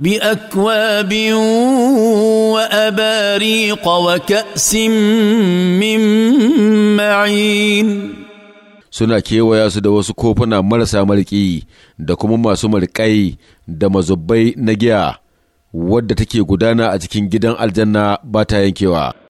باكواب واباريق وكاس من معين suna kewaya su da wasu kofuna marasa marƙi da kuma masu marƙai da mazubbai na giya wadda take gudana a cikin gidan aljanna ba ta yankewa